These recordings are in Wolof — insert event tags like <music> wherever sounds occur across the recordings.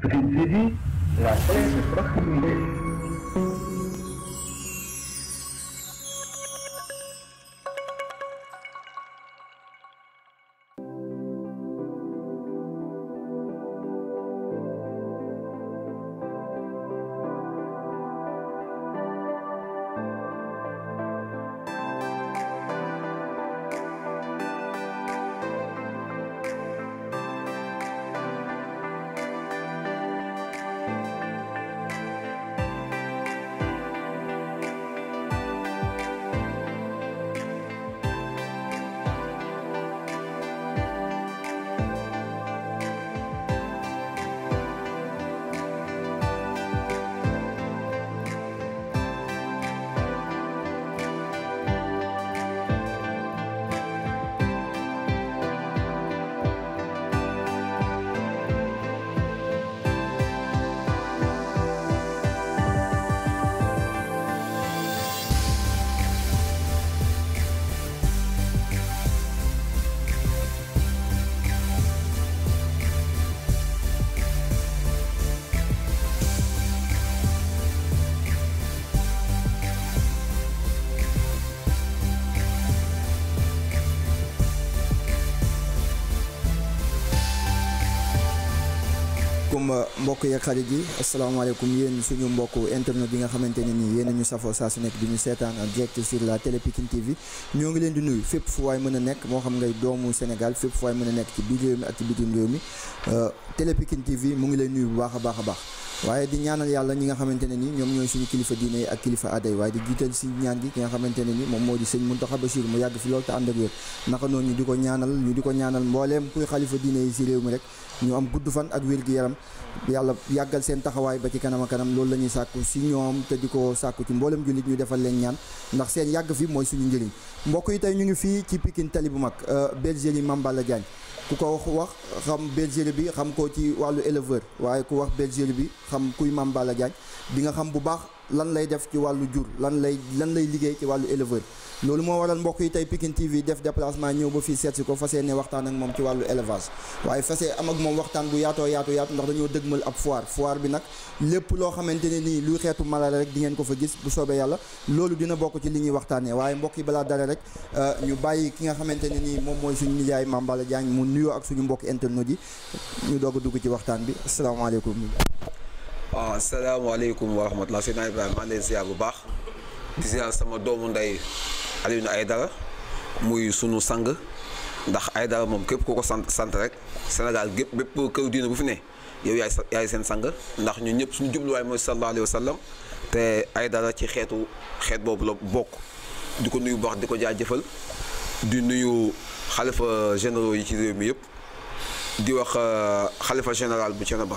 Principi la 3 prossimi mbokk yeeg xarit yi asalaamaaleykum yéen suñu mbokk internet bi nga xamante ne nii yéen ñu safoo saa su nekk di ñu seetaan en direct sur la télé Pikine TV ñoo ngi leen di nuyu fépp fu waay mën a nekk moo xam ngay doomu Sénégal fépp fu waay mën a nekk ci biir réew mi ak ci bitim réew mi euh, télé Pikine TV mu ngi leen nuyu bu baax a baax a baax waaye di ñaanal yàlla ñi nga xamante ne nii ñoom ñooy suñu kilifa diine yi ak kilifa aaday waaye di jiital si ñaan gi ki nga xamante ne moom moo di sëñ Mountakha Bachir mu yàgg fi lool te ànd ak wér naka noonu ñu di ko ñaanal ñu di ko ñaanal mbooleem kuy xalifa diine si réew mi rek ñu am gudd fan ak wér gi yaram yalla yagal sen taxaway ba ci kanam kanam loolu lañuy sakku ci ñoom te diko sakku ci mbolam julit ñu defal leen ñaan ndax sen yag fi moy suñu ndirign mbokk yi tay ñu ngi fi ci Pikine tali bu euh belgeli mamba la jagne ku ko wax xam belgeli bi xam ko ci walu éleveur waye ku wax belgeli bi xam kuy mamba la jagne bi nga xam bu baax lan lay def ci wàllu jur lan lay lan lay liggéey ci wàllu éleveur loolu moo waral mbokk yi tey Pikine TV def déplacement ñëw ba fi seet si ko fas ne waxtaan ak moom ci wàllu élevage waaye fas yéene am ak moom waxtaan bu yaatoo yaatu ndax dañoo dëgmal ab foire foire bi nag lépp loo xamante ne nii luy xeetu mala rek di ngeen ko fa gis bu soobee yàlla loolu dina bokk ci li ñuy waxtaanee waaye mbokk yi balaa dara rek euh, ñu bàyyi ki nga xamante ne nii moom mooy suñu nijaay Mame Balla Diagne mu nuyoo ak suñu mbokk internet yi ñu doog dugg ci waxtaan bi asalaamaaleykum waaw asalaamaaleykum wa rahmatulah Seydina naa maa ngi leen ziar bu baax di ziar sama doomu ndey ay Aydara muy sunu sang ndax ay Aydara moom képp ku ko sant sant rek Sénégal gépp bépp kër diina bu fi ne yow yaay yaay seen sang ndax ñun ñëpp suñu jubluwaay mooy sallallahu alayhi wa sallam te Aydara ci xeetu xeet boobu la bokk di ko nuyu bu baax di ko jëfal di nuyu xalifa généraux yi ci réew mi yëpp di wax euh, xalifa général bu ba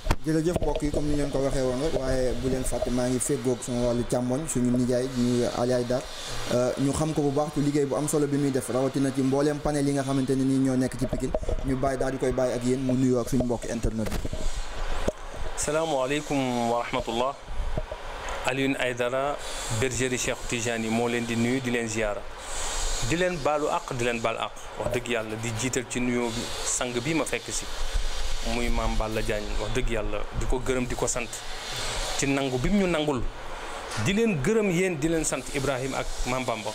jërëjëf mbokk yi comme ni leen ko waxee woon rek waaye bu leen fàtt maa ngi feggoog sama wàllu càmmoñ suñu nijaay ñuy Aliou Dar euh, ñu xam ko bu baax ci liggéey bu am solo bi muy def rawatina ci mbooleem panel yi nga xamante ne nii ñoo nekk ci Pikine ñu bàyyi daal di koy bàyyi ak yéen mu nuyoo ak suñu mbokk internet bi. salaamaaleykum wa rahmatullah Alioune Aydara bergerie Cheikh yi moo leen di nuyu di leen ziyaara di leen baalu ak di leen baal àq wax dëgg yàlla di jiital ci nuyoo bi sang bi ma fekk si. muy maam Balla Diagne wax dëgg yàlla di ko gërëm di ko sant ci nangu bi mu ñu nangul di leen gërëm yéen di leen sant ibrahim ak maam Bamba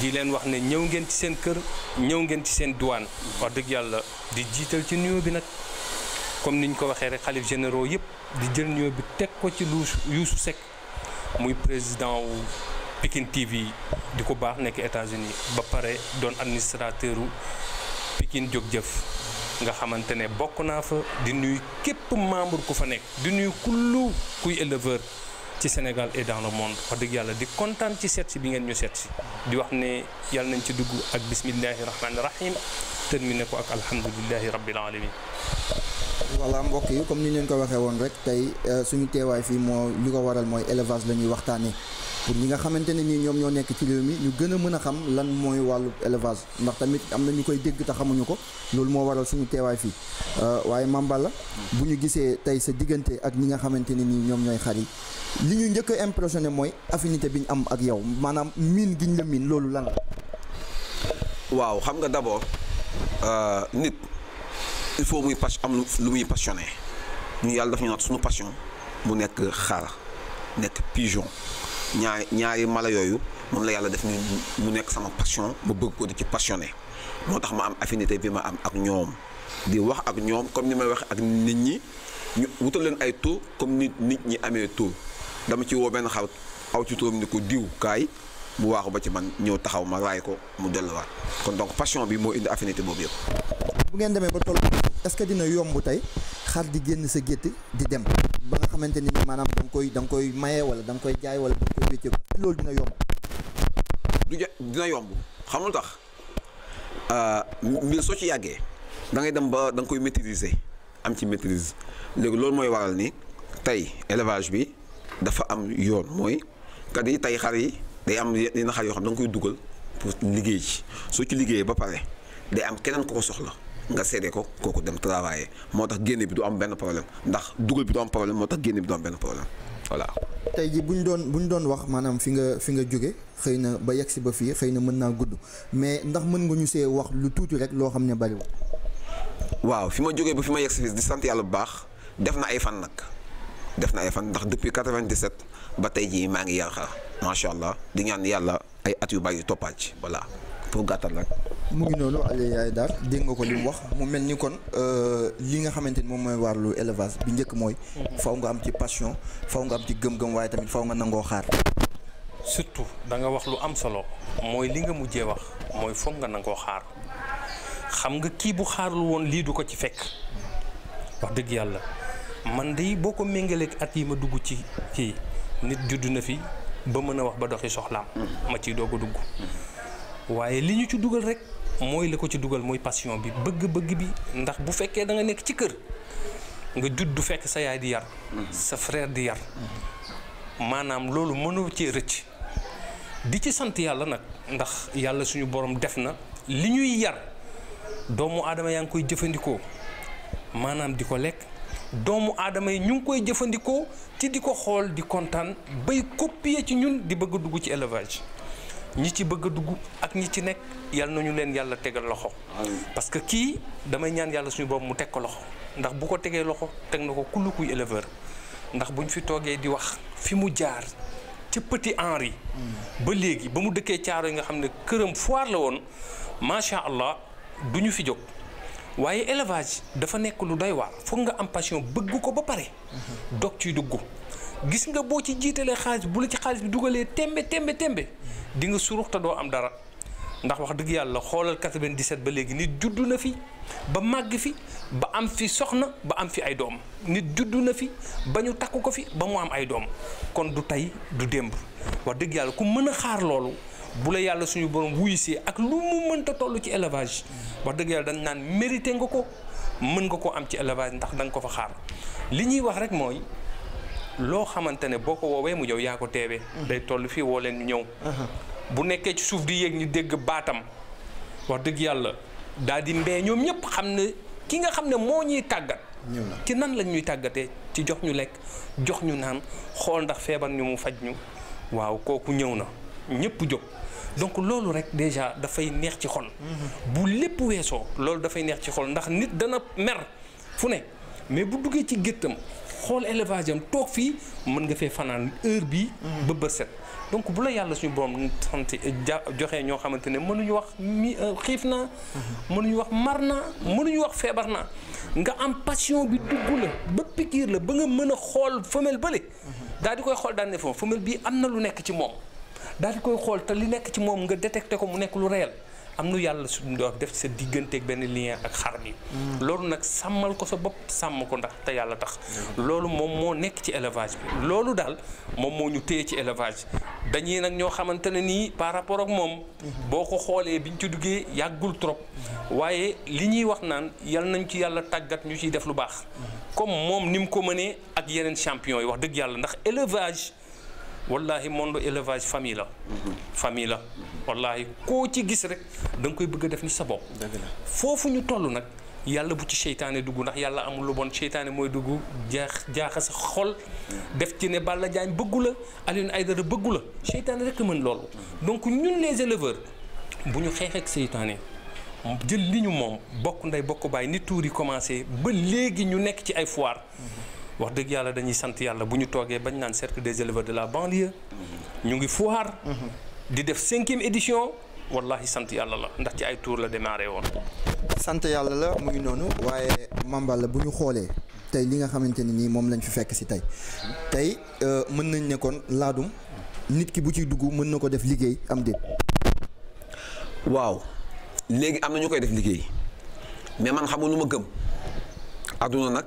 di leen wax ne ñëw ngeen ci seen kër ñëw ngeen ci seen diwaan wax dëgg yàlla di jiital ci nuyoo bi nag comme ni ñu ko waxee rek xalif généraux yëpp di jël nuyoo bi teg ko ci lu Youssou Seck muy président wu Pikine TV di ko baax nekk États-Unis ba pare doon administrateur u Pikine jóg jëf nga xamante ne bokk naa fa di nuyu képp membre ku fa nekk di nuyu kullu kuy éleveur ci Sénégal et dans le monde wax dëgg yàlla di kontaan ci seet bi ngeen ñu seet si di wax ne yàlla nañ ci dugg ak bismillahi rahmaani rahim terminé ko ak alhamdulillahi rabbil alamin voilà mbokk yi comme ni leen ko waxee woon rek tey euh, suñu teewaay fii moo li ko waral mooy élevage la ñuy waxtaanee pour ñi nga xamante ne nii ñoom ñoo nekk ci réew mi ñu gën a mën a xam lan mooy wàllu élevage ndax tamit am na ñu koy dégg te xamuñu ko loolu moo waral suñu teewaay fii euh, waaye Mamballa bu ñu gisee tey sa diggante ak ñi nga xamante ne nii ñoom ñooy xar yi li ñu njëkk a impressionné mooy affinité bi ñu am ak yow maanaam miin gi la miin loolu lan waaw xam nga d'abord euh, nit il faut muy pas am lu muy passionné ñu yàlla daf ñu naat suñu passion mu nekk xar nekk pigeon. ñaari ñaari mala yooyu moom la yàlla def ni mu nekk sama passion ma bëgg ko di ci passionné moo tax ma am affinité bi ma am ak ñoom di wax ak ñoom comme ni may waxee ak nit ñi ñu wutal leen ay tur comme nit nit ñi amee tur dama ci woo benn xarit aw ci turam ni ko diw kaay mu waaxu ba ci man ñëw taxaw ma raay ko mu delluwaat kon donc passion bi moo indi affinité boobu yëpp. bu ngeen demee ba toll est-ce que dina yomb tey xar di génn sa gétt di dem. ba nga xamante ni maanaam da koy danga koy maye wala da nga koy jaay wala da nga koy wécce loolu dina yomb. du dina yomb xamul tax euh, mbir soo ci yàggee da ngay dem ba danga koy maîtriser am ci maîtrise léegi loolu mooy waral ni tey élevage bi dafa am yoon mooy kat yi tey xar yi day am yenn xar yoo xam da nga koy dugal pour liggéey ci soo ci liggéeyee ba pare day am keneen ko ko soxla. nga seede ko kooku dem travailler moo tax génne bi du am benn problème ndax dugal bi du am problème moo tax génne bi du am benn problème voilà. tey jii bu ñu doon bu ñu doon wax maanaam fi nga fi nga jóge xëy na ba yegg si ba fii xëy na mën naa gudd mais ndax mën nga ñu see wax lu tuuti rek loo xam ne bariwul. waaw fi ma jógee ba fi ma yegg si di sant yàlla bu baax def na ay fan nag def na ay fan ndax depuis 97 ba tey jii maa ngi yar macha allah di ñaan yàlla ay at yu bari toppaat ci voilà. pour gàttal rek. mu ngi noonu Aliou Yaye Dar dégg nga ko li mu wax mu mel ni kon euh, li nga xamante ni moom mooy wàllu élevage bi njëkk mooy. faw nga am ci passion faw nga am ci gëm-gëm waaye tamit faw nga nangoo xaar. surtout da nga wax lu am solo li nga mujjee wax mooy foog nga nangoo xaar xam nga kii bu xaarul woon lii du ko ci fekk wax man at yi ma dugg ci nit fi ba wax ba doxi ma dugg. waaye li ñu ci dugal rek mooy la ko ci dugal mooy passion bi bëgg-bëgg bi ndax bu fekkee da nga nekk ci kër nga judd fekk sa yaay di yar sa frère di yar maanaam loolu mënoo cee rëcc di ci sant yàlla nag ndax yàlla suñu borom def na li ñuy yar doomu aadama yaa ngi koy jëfandikoo maanaam di ko lekk doomu aadama yi ñu ngi koy jëfandikoo ci di ko xool di kontaan bay copier ci ñun di bëgg dugg ci élevage ñi ci bëgg a dugg ak ñi ci nekk yal nañu leen yàlla tegal loxo. parce que kii damay ñaan yàlla suñu boobu mu teg ko loxo ndax bu ko tegee loxo teg na ko kullu kuy éleveur ndax bu ñu fi toogee di wax fi mu jaar ca Petit Henri. ba léegi ba mu dëkkee caaro yi nga xam ne këram foire la woon macha allah du ñu fi jóg. waaye élevage dafa nekk lu day waar foog nga am passion bëgg ko ba pare. Mhm. dog ciy duggu gis nga boo ci jiitalee xaalis bu la ci xaalis bi dugalee tembe tembe tembe di nga surux te doo am dara ndax wax dëgg yàlla xoolal 97 ba léegi nit judd na fi ba màgg fi ba am fi soxna ba am fi ay doom nit judd na fi ba ñu takk ko fi ba mu am ay doom kon du tey du démb wax dëgg yàlla ku mën a xaar loolu bu la yàlla suñu borom wuyisee ak lu mu mënta toll ci élevage wax dëgg yàlla dañ naan mérité nga ko mën nga ko am ci élevage ndax da nga ko xaar li ñuy wax rek mooy. loo xamante ne boo ko woowee mu ñëw yaa ko teewee. day toll fii woo leen ñu ñëw. bu nekkee ci suuf di yéeg ñu dégg baatam wax dëgg yàlla daal di mbee ñoom ñëpp xam ne ki nga xam ne moo ñuy tàggat. ci nan lañ ñuy tàggatee ci jox ñu lekk jox ñu naan xool ndax feebar ñu mu faj ñu waaw kooku ñëw na ñëpp jóg. donc loolu rek déjà dafay neex ci xol. Mm-hmm. bu lépp weesoo loolu dafay neex ci xol ndax nit dana mer fu ne mais bu duggee ci géttam xool élevage am toog fii mën nga fee fanaan heure bi ba bët set donc bu la yàlla suñu borom sant ja joxe ñoo xamante ne mënuñu wax mi euh, xiif naa mënuñu wax mar naa mënuñu wax feebar naa nga am passion bi dugg la ba pikiir la ba nga mën a xool femelle bële daal di koy xool daan ne bii am na lu nekk ci moom daal di koy xool te li nekk ci moom nga détecté ko mu nekk lu réel am nu yàlla suñu doon def ci sa diggante ak benn lien ak xar mi mm. loolu nag sàmmal ko sa bopp sàmm ko ndax te yàlla tax mm. loolu moom moo nekk ci élevage bi loolu daal moom moo ñu téye ci élevage dañuy nag ñoo xamante ne nii par rapport ak moom mm-hmm. boo ko xoolee biñ ci duggee yàggul trop mm-hmm. waaye li ñuy wax naan yal nañ ci yàlla tàggat ñu ciy def lu baax mm-hmm. comme moom ni mu ko mënee ak yeneen champion yi wax dëgg yàlla ndax élevage wallahi monde élevage famille la. famille la wallahi koo ci gis rek da nga koy bëgg a def ni sa bopp. foofu ñu toll nag yàlla bu ci seytaane dugg ndax yàlla amul lu bon seytaane mooy dugg jaax jaaxa sa xol. def ci ne Balla Diagne bëggu la ay Aydara bëggu la seytaane rek mën loolu. donc ñun les éleveurs bu ñu xeex ak seytaane jël li ñu moom bokk nday bokk baay ni tuur yi commencé ba léegi ñu nekk ci ay foire. wax dëgg yàlla dañuy sant yàlla bu ñu toogee bañ naan cercle des éleveurs de la banlieue ñu ngi foire di def cinquième édition wallahi sant yàlla la ndax ci ay tour la démarré woon sant yàlla la mu noonu waaye mambal bu ñu xoolee tey li nga xamante ne nii moom lañ fi fekk si tey tey euh, mën nañ nekkoon laadum nit ki bu ciy dugg mën na ko def liggéey am déet waaw léegi am na ñu koy def liggéey mais man xamul lu ma gëm àdduna nag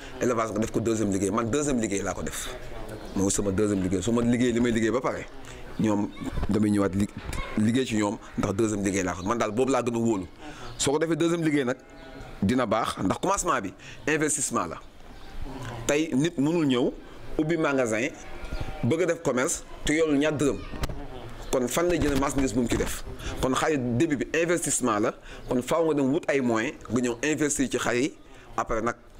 élevage nga def ko deuxième liggéey man deuxième liggéey la ko def mo sama deuxième liggéey su ma liggéey li may ba paré ñom damay ñëwaat li ci ñom ndax deuxième liggéey la ko man dal boobu la gën a soko soo ko defee deuxième liggéey nag dina baax ndax commencement bi investissement la tay nit mënul ñëw ubbi magasin bëgg def commerce tu yorul ñaar dërëm kon fan la jëlee marchandise bu mu ci def kon xale début bi investissement la kon faaw nga dem wut ay moyens nga ñëw investir ci xale après nak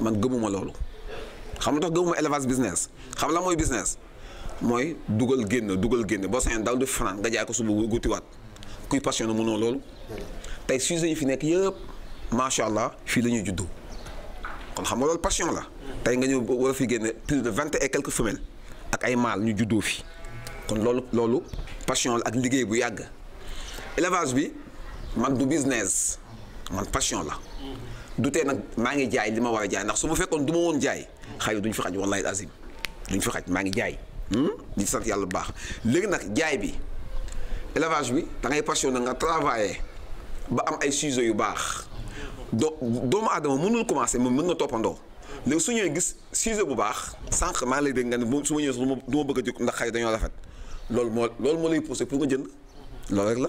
man gëmuma loolu xam nga tax gëmuma élevage business xam la mooy business mooy dugal génn dugal génn boo sañoon daal du franc nga jaay ko suba gutiwaat kuy passionné mënoo loolu tey sujet yi fi nekk yëpp macha allah fii la ñuy juddu kon xam nga loolu passion la tey nga ñëw war a fi génne plus de vingt et quelques femelles ak ay mâles ñu juddoo fi kon loolu loolu passion la ak liggéey bu yàgg élevage bi man du business man passion la du tee nag maa ngi jaay li ma war a jaay ndax su ma fekkoon du ma woon jaay xëy duñ fi xaj wallahi azim duñ fi xaj maa ngi jaay hmm? di sant yàlla bu baax léegi nag jaay bi élevage bi da ngay passionné nga travailler ba am ay sujet yu baax do doomu aadama mënul commencé moom mën na toppandoo léegi su ñëwee gis sujet bu baax sànq maa lay dégg nga ne su ma ñëwee sax du ma bëgg a jóg ndax xëy dañoo rafet loolu moo lool moo lay poussé pour nga jënd loolu rek la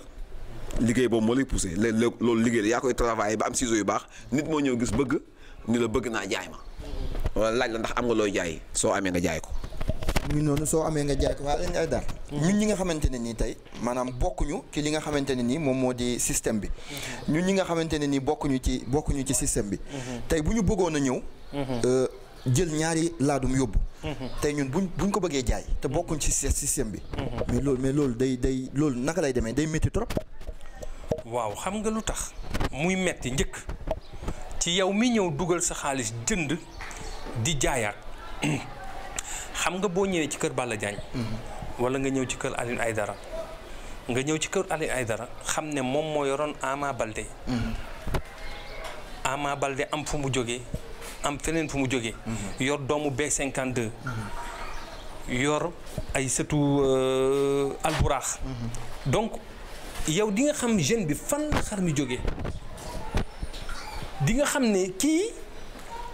liggéey boobu moo lay poussé léeg-léeg loolu liggéey la yaa koy travaillé ba am ciseaux yu baax nit moo ñëw gis bëgg ni la bëgg naa jaay ma wala laaj la ndax am nga looy jaay soo amee nga jaay ko. mu ngi noonu soo amee nga jaay ko waaye dañuy ay daal. ñun ñi nga xamante ne nii tey maanaam bokkuñu ci li nga xamante ne nii moom moo di système bi. ñun ñi nga xamante ne nii bokkuñu ci bokkuñu ci système bi. tey bu ñu bëggoon a ñëw. Euh, jël ñaari laadum yóbbu. tey ñun bu buñ ko bëggee jaay. te bokkuñ ci système bi. Mm-hmm. mais loolu loolu day day loolu naka lay demee day métti waaw xam nga lu tax muy metti njëkk ci yow mi ñëw dugal sa xaalis jënd di jaayaat <clears throat> xam nga boo ñëwee ci kër Balla Diagne mm-hmm. wala nga ñëw ci kër ay dara nga ñëw ci kër ay dara xam ne moom moo yoroon Ama Balde mm-hmm. Ama am fu mu jógee am feneen fu mu jógee mm-hmm. yor doomu B52 yor ay sëtu euh, alburax donc yow dinga nga xam jeune bi fan la xar mi jógee di xam ne kii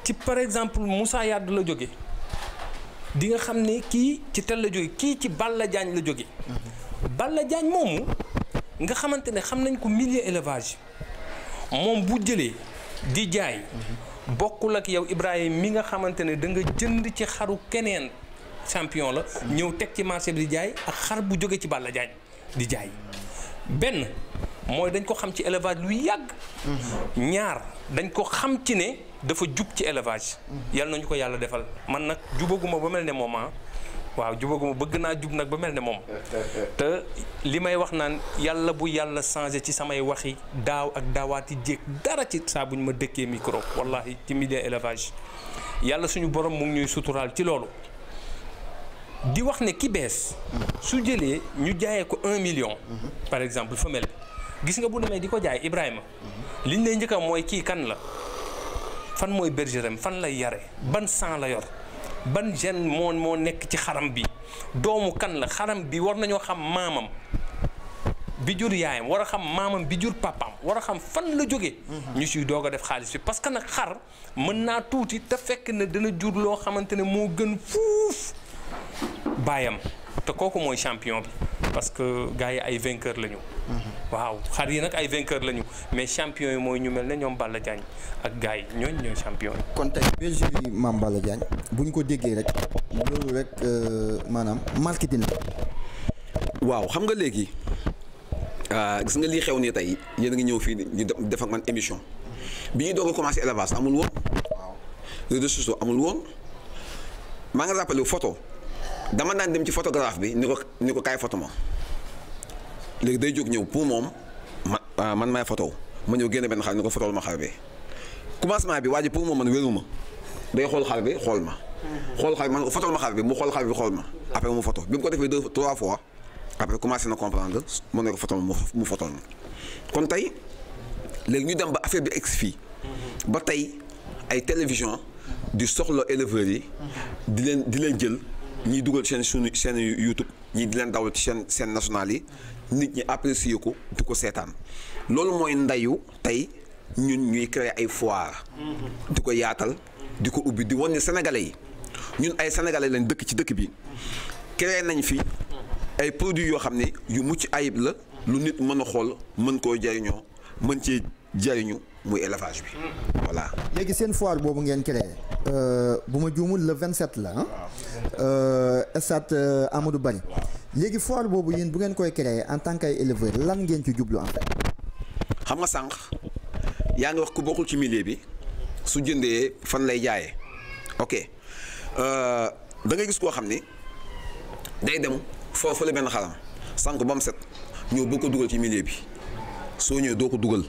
ci par exemple Moussa Yade la jóge di nga xam ne kii ci tel la jóge kii ci Balla Diagne la jóge Balla Diagne moomu nga xamante ne xam nañ ko milieu élevage moom bu jëlee di jaay bokkul ak yow ibrahim mi nga xamante ne da jënd ci xaru keneen champion la ñëw teg ci marché bi di jaay ak xar bu jóge ci Balla Diagne di jaay benn mooy dañ ko xam ci élevage lu yàgg. ñaar dañ ko xam ci ne dafa jub ci élevage. yàlla nañu ko yàlla defal man nag jubaguma ba mel ne moom ah. waaw jubaguma bëgg naa jub nag ba mel ne moom. te li may wax naan yàlla bu yàlla changé ci samay waxi daaw ak daawaati jéeg dara ci saa bu ñu ma dëkkee micro wallahi ci milieu élevage yàlla suñu borom mu ngi ñuy suturaal ci loolu. di wax ne ki bees su jëlee ñu jaayee ko 1 million par exemple femelle bi gis nga bu demee diko jaay Ibrahima liñ lay moy ki kan la fan moy bergeram fan lay yare ban sang la yor ban jen mon mon nek ci xaram bi doomu kan la xaram bi war nañu xam mamam, bi jur yaayam wara xam mamam bi jur papam wara xam fan la jógee mhm. ñu ci doog def xaalis bi parce que nak xar mëna touti ta fekk ne dana jur lo xamantene mo gën fouf baayam te kooku mooy champion bi parce que gars yi ay vainqueur lañu. Mm-hmm. waaw xar yi nag ay vainqueur lañu mais champion yi mooy ñu mel ne ñoom Balla Diagne ak gars yi ñooñu ñooy champion yi. kon tey bergerie maam Balla Diagne bu ñu ko déggee rek loolu rek euh, maanaam marketing la. waaw xam nga léegi ah, gis nga lii xew nii tey yéen a ngi ñëw fii di def ak man émission bi ñuy doog a commencé élevage amul woon. waaw réseaux sociaux amul woon maa ngi rappelé photo. dama daan dem ci photographe bi ni ko ni photo mo léegi day jog ñew pour mom ah, man may photo ma ñew génne ben xal ni ko photo ma xar bi commencement bi waji pour mom man wéruma day xol xar bi xool ma. xol xal bi man photo ma xar bi mu xol xal bi xol ma après mu photo bi mu ko defee deux trois fois après commencé na comprendre mo ne ko photo ma mu photo kon tay léegi ñu dem ba affaire bi ex fi ba tay ay télévision du soxlo éleveur yi. di len di len jël. ñiy dugal seen sunu seen YouTube ñi di leen dawal ci seen seen national yi nit ñi apprécier ko di ko seetaan loolu mooy ndayu tey ñun ñuy créer ay foire di ko yaatal di ko ubbi di wane sénégalais yi ñun ay sénégalais lañ dëkk ci dëkk bi créer nañ fi ay produits yoo xam ne yu mucc ayib la lu nit mën a xool mën koo jariñoo mën ci jariñu muy élevage bi. Mm-hmm. voilà léegi seen foire boobu ngeen créé. Euh, bu ma juumul le 27 la ah. stade euh, Amadou Barry. léegi foire boobu yéen bu ngeen koy créé en tant que éleveur lan ngeen ci jublu en xam nga sànq yaa ngi wax ku bokkul ci millier bi su jëndee fan lay jaaye ok da gis koo xam ni day dem foofu la benn xaram sànq ba mu set ñëw boo ko dugal ci millier bi soo ñëwee doo ko dugal.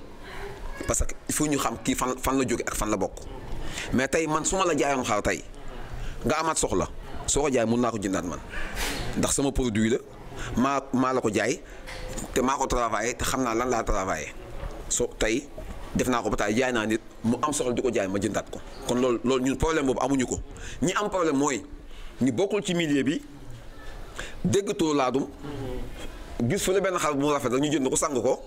parce que il ñu xam kii fan fan la jóge ak fan la bokk mais tey man su ma la jaayoon xaar tey nga amaat soxla soo ko jaay mun naa ko jëndaat man ndax sama produit la maa maa la ko jaay te maa ko travaillé te xam naa lan laa travaillé soo tey def naa ko ba taay jaay naa nit mu am soxla di ko jaay ma jëndaat ko kon loolu loolu ñun problème boobu amuñu ko ñi am problème mooy ñu bokkul ci millier bi dégg too laadum gis fu la benn xar bu mu rafet rek ñu jënd ko sang ko.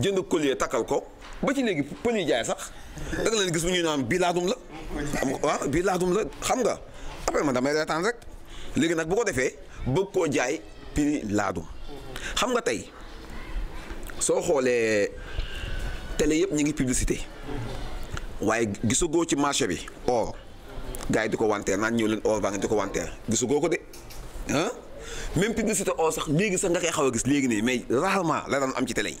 jënd collier takkal ko ba ci léegi pël jaay sax da nga leen gis bu ñuy naan bii laadum la. xam nga la xam nga après ma damay reetaan rek léegi nag bu ko defee bëgg koo jaay prix laadum. xam nga tey soo xoolee télé yëpp ñu ngi publicité waaye gisagoo ci marché bi or gars yi di ko wanteer naan ñëw leen or baa ngi di ko wanteer gisagoo ko de ah même publicité or sax léegi sax nga kay xaw a gis léegi nii mais rarement la daan am ci télé yi.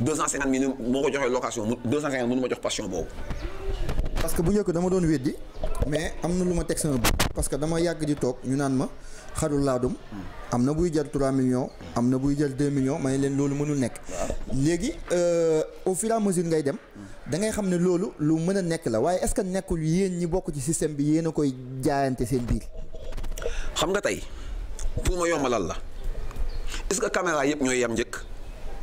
250 millions, moo ko location 250 millions, ma de passion parce que bu je dama dans weddi mais parce que dans di ñu ma buy 3 millions 2 millions may leen pas mënul nekk léegi euh, au fil et à mesure dem da ngay ne lu la est-ce que nekkul yéen ñi ci système bi la vie koy sais, pour la est-ce que caméra est. yam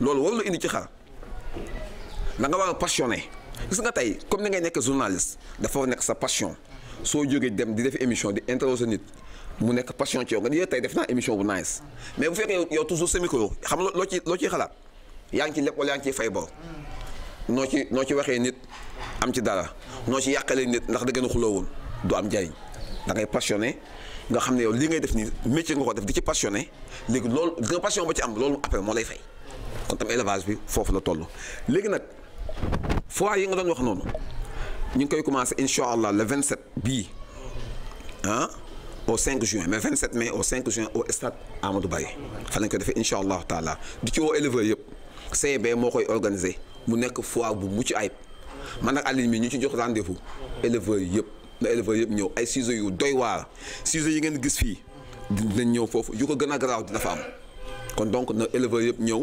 loolu warul indi ci xar da nga war a gis nga tey comme ni ngay nekk journaliste dafa nekk sa passion soo jógee dem di def émission di interroger nit mu nekk passion ci yow nga ni tey def naa émission bu nice mais bu fekkee yow toujours sa micro xam nga loo ci loo ciy xalaat yaa ngi ci lépp wala yaa ngi ciy noo ci noo ci waxee nit am ci dara noo ci yàqalee nit ndax da du am njariñ da ngay passionné nga xam ne yow li ngay def nii métier nga def di ci passionné léegi loolu gën a ci am loolu après moo lay fay. kon tam élevage bi fofu la toll léegi nak foire yi nga doon wax noonu ñu ngi koy commencer inshallah le 27 bi hein au 5 juin mais 27 mai au 5 juin au stade Amadou Baye fa lañ ko defee inshallah taala di ci wo éleveurs yëpp CB mo koy organiser mu nek foire bu mucc ayib man ak Alioune mi ñu ci jox rendez-vous éleveurs yëpp na éleveurs yëpp ñëw ay ciseaux yu doy waar ciseaux yi ngeen gis fi dinañ ñëw fofu yu ko gëna graw garaaw dina fa am kon donc na éleveurs yëpp ñëw.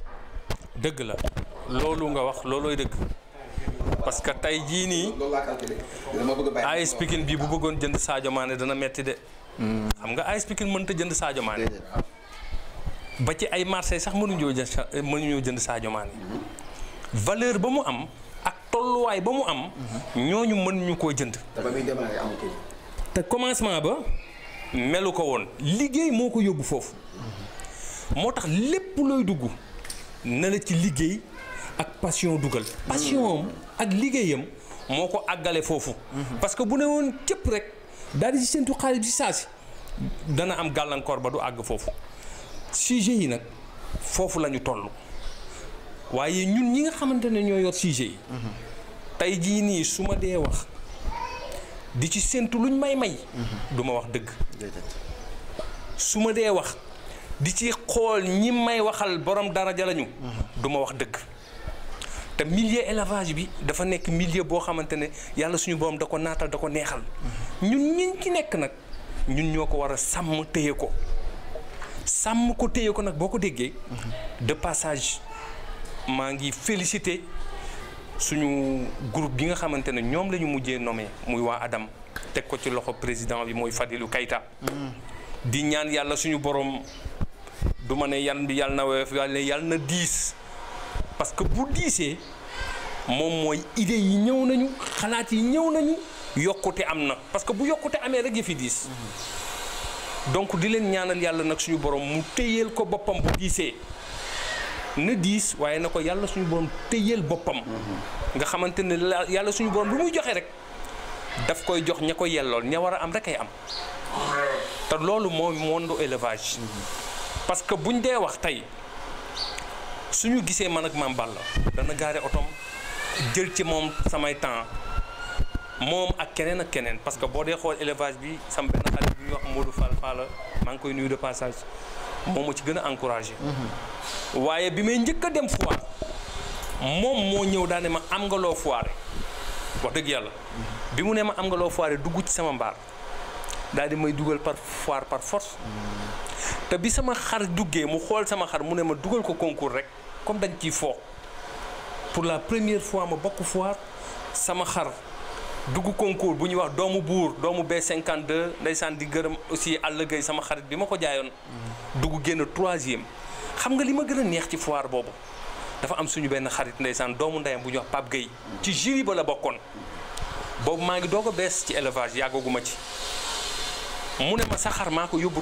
dëgg la loolu nga wax loolooy dëgg parce que tey jii nii AS Pikine bii bu bëggoon jënd Sadio Mané dana metti de hmm. xam nga AS Pikine mënta jënd Sadio Mané ba ci ay marché sax mënuñoo jënd mënuñoo jënd Sadio Mané valeur ba mu am ak tolluwaay ba mu am hmm. ñooñu mën ñu koo jënd te commencement ba melu ko woon liggéey moo ko yóbbu foofu hmm. moo tax lépp looy dugg na la ci liggéey ak passion dugal passion am ak liggéeyam moo ko àggale foofu parce que bu ne woon cëpp rek daal di si seentu xaalis si saasi dana am gàllankoor ba du àgg foofu sujet yi nag foofu lañu ñu toll waaye ñun ñi nga xamante ne ñoo yor sujet yi tey jii nii su ma dee wax di ci séntu luñ may may du ma wax dëgg su ma dee wax di ci xool ñi may waxal borom daraja lañu. Mm-hmm. du ma wax dëkk te milieu élevage bi dafa nekk millier boo xamante ne yàlla suñu borom da ko naatal da ko neexal. Mm-hmm. ñun ñi ci nekk nag ñun ñoo ko war a sàmm téye ko sàmm ko téye ko nag boo ko déggee. Mm-hmm. de passage maa ngi félicité suñu groupe bi nga xamante ne ñoom la ñu mujjee nommé muy waa Adam teg ko ci loxo président bi mooy Fadilou Keita. di ñaan yàlla suñu borom du ma ne yan bi yàlla na woyof yàlla na diis parce que bu diisee moom mooy idée yi ñëw nañu xalaat yi ñëw nañu yokkute am na parce que bu yokkute amee rek yëfi diis donc di leen ñaanal yàlla nag suñu borom mu téyeel ko boppam bu diisee na diis waaye na ko yàlla suñu borom téyeel boppam nga xamante ne yàlla suñu borom lu muy joxe rek daf koy jox ña ko yellool ña war a am rek ay am te loolu mooy monde élevage parce que buñ dé wax tay suñu gisé man ak maam Balla dana garé otom jël ci mom samay temps mom ak kenen ak kenen parce que bo dé xol élevage bi sam ben xarit bi wax Modou Fall Fall maa koy nuyu de passage mom ci gëna encourager encouragé. Mm-hmm. waaye bi may ñëk dem foire mom mo ñëw daane ma am nga lo foire wax deug yalla mm-hmm. bi mu ne ma am nga lo foire duggu ci sama mbar daal di may duggal par foire par force. Mm-hmm. te bi sama xar duggee mu xool sama xar mu ne ma dugal ko concours rek comme dañ ciy foo pour la première fois ma bokk foire sama xar dugg concours bu ñuy wax doomu buur doomu B52 ndaysaan di gërëm aussi àll gay sama xarit bi ma ko jaayoon. dugg génn troisième. xam nga li ma gën a neex ci foire boobu dafa am suñu benn xarit ndaysaan doomu ndeyam bu ñuy wax Pape Gueye ci jury ba la bokkoon boobu maa ngi doog ko bees ci élevage yàggaguma ci mu ne ma sa xar maa ko yóbbu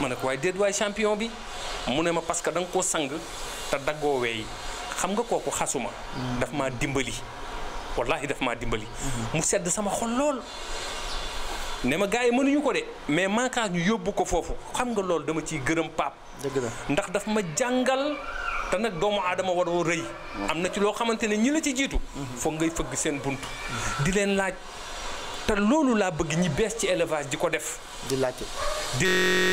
ma ne ko waaye déet waay champion bi mu ne ma parce que da nga koo sang te daggoo weey xam nga koo kooku xasuma daf ma dimbali wallahi daf maa dimbali mm-hmm. mu sedd sama xol lool ne ma gars yi mënuñu ko de mais manquant ñu yóbbu ko foofu xam nga loolu dama ciy gërëm paap dëgg la ndax dafa ma jàngal te nag doomu aadama waroo rëy mm-hmm. am na ci loo xamante ne ñi la ci jiitu mm-hmm. foog ngay fëgg seen bunt di leen laaj te loolu laa bëgg ñi bees ci élevage di ko def di laajte